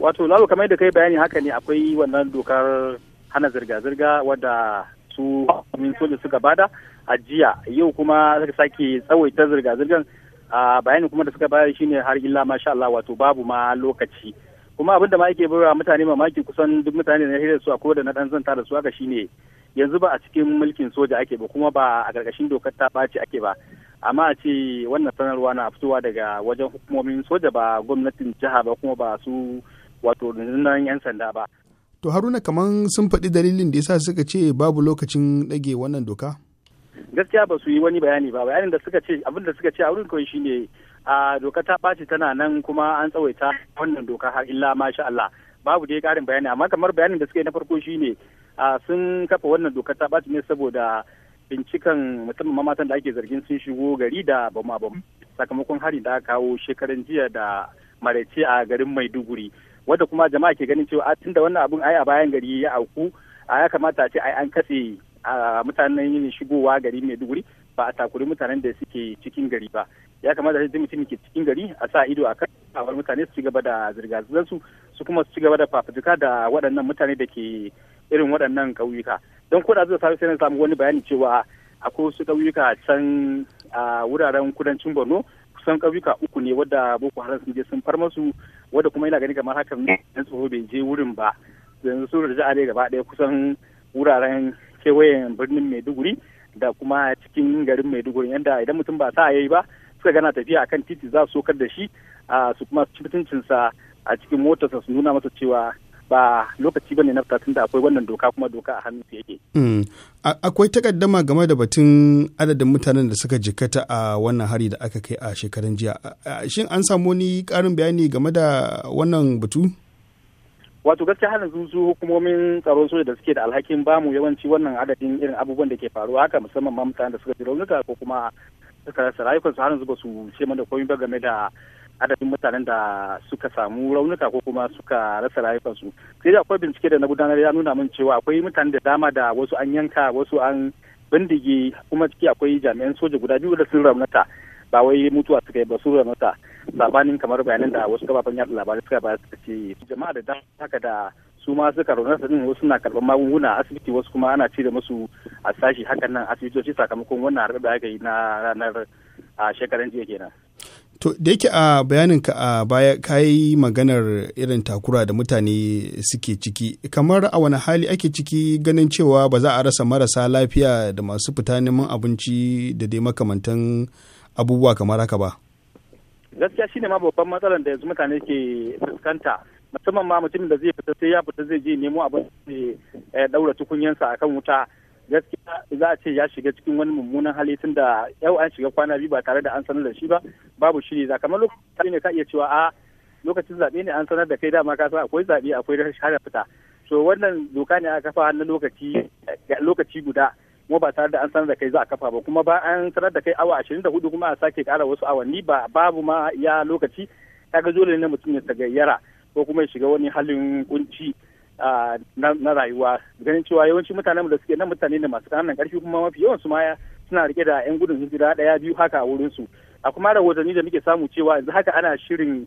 wato lalo kamar da kai bayani haka ne akwai wannan dokar hana zirga-zirga wadda su min soja suka bada a jiya yau kuma suka sake tsawaita zirga-zirgan a bayani kuma da suka bayar shine har illa masha Allah wato babu ma lokaci kuma abinda ma yake bura mutane mamaki kusan duk mutane na hira su a koda na dan zanta da su haka shine yanzu ba a cikin mulkin soja ake ba kuma ba a karkashin dokar ta ɓaci ake ba amma a ce wannan sanarwa na fitowa daga wajen hukumomin soja ba gwamnatin jiha ba kuma ba su wato rundunar 'yan sanda ba. To Haruna kamar sun faɗi dalilin da yasa suka ce babu lokacin ɗage wannan doka? Gaskiya ba su yi wani bayani ba bayanin da suka ce abin da suka ce a wurin kawai ne a doka ta ɓaci tana nan kuma an tsawaita wannan doka har illa masha Allah babu dai ƙarin bayani amma kamar bayanin da suka yi na farko shi ne sun kafa wannan doka ta ɓaci ne saboda bincikan musamman matan da ake zargin sun shigo gari da bama bam sakamakon hari da aka kawo shekaran jiya da maraice a garin maiduguri wadda kuma jama'a ke ganin cewa ah, tun da wannan abun ai a bayan gari ya auku a ya kamata ce ai an katse a mutanen yin shigowa gari mai duguri ba a takuri mutanen da suke cikin gari ba ya kamata sai mutum ke cikin gari a sa ido a kan mutane su ci gaba da zirga-zirgar su su kuma su ci gaba da fafutuka da waɗannan mutane da ke irin waɗannan ƙauyuka don ko da zai sai na samu wani bayani cewa akwai wasu ƙauyuka can a wuraren kudancin borno kusan ƙauyuka uku ne wadda boko haram sun je sun far masu wanda kuma yana gani kamar hakan ɗan tsoro bai je wurin ba yanzu sun raja ne gaba ɗaya kusan wuraren kewayen birnin maiduguri da kuma cikin garin maiduguri yanda idan mutum ba sa yayi ba suka gana tafiya akan titi za su sokar da shi su kuma mutuncinsa a cikin motarsa su nuna masa cewa ba lokaci bane na tun da akwai wannan doka kuma doka a hannu yake. Hmm. Akwai takaddama game da batun adadin mutanen da suka jikata a wannan hari da aka kai a shekaran jiya. Shin an samu wani karin bayani game da wannan batu? Wato gaskiya har zuzu hukumomin tsaron soja da suke da alhakin bamu yawanci wannan adadin irin abubuwan da ke faruwa haka musamman ma mutanen da suka ji raunuka ko kuma suka rasa rayukansu har yanzu ba su ce mana komai ba game da adadin mutanen da suka samu raunuka ko kuma suka rasa rayukansu sai da akwai bincike da na gudanar ya nuna min cewa akwai mutane da dama da wasu an yanka wasu an bindige kuma ciki akwai jami'an soja guda biyu da sun raunata ba wai mutuwa suka yi ba sun raunata sabanin kamar bayanan da wasu kafafen yaɗa labarai suka bayar suka ce jama'a da dama haka da su ma suka raunata din wasu na karɓar magunguna a asibiti wasu kuma ana cire musu a sashi hakan nan asibitoci sakamakon wannan harbe da aka yi na ranar a shekaran jiya kenan. To da yake a bayaninka a baya ka yi maganar irin takura da mutane suke ciki, kamar a wani hali ake ciki ganin cewa ba za a rasa marasa lafiya da masu fita neman abinci da dai makamantan abubuwa kamar haka ba. Gaskiya shine ma babban matsalar da yanzu mutane ke fuskanta musamman ma mutumin da zai fita sai ya fita zai je nemo abinci da eh, daura tukunyansa akan wuta gaskiya za a ce ya shiga cikin wani mummunan hali tun da yau an shiga kwana biyu ba tare da an sanar da shi ba babu shiri za kamar lokacin ne ka iya cewa a lokacin zaɓe ne an sanar da kai dama ka san akwai zaɓe akwai rashin fita so wannan doka ne a kafa na lokaci lokaci guda kuma ba tare da an sanar da kai za a kafa ba kuma ba an sanar da kai awa ashirin da hudu kuma a sake kara wasu awanni ba babu ma ya lokaci kaga dole ne mutum ya tagayyara ko kuma ya shiga wani halin kunci na rayuwa ganin cewa yawanci mutanen da suke nan mutane ne masu kananan ƙarfi kuma mafi yawan su ma suna rike da 'yan gudun hijira ɗaya biyu haka a wurin su a kuma rahotanni da muke samu cewa yanzu haka ana shirin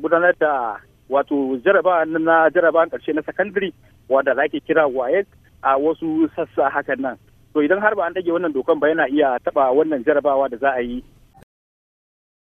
gudanar da wato jaraba na jarabawan karshe na sakandare wanda ake kira wayek a wasu sassa hakan nan to idan har ba an dage wannan dokan ba yana iya taba wannan jarabawa da za a yi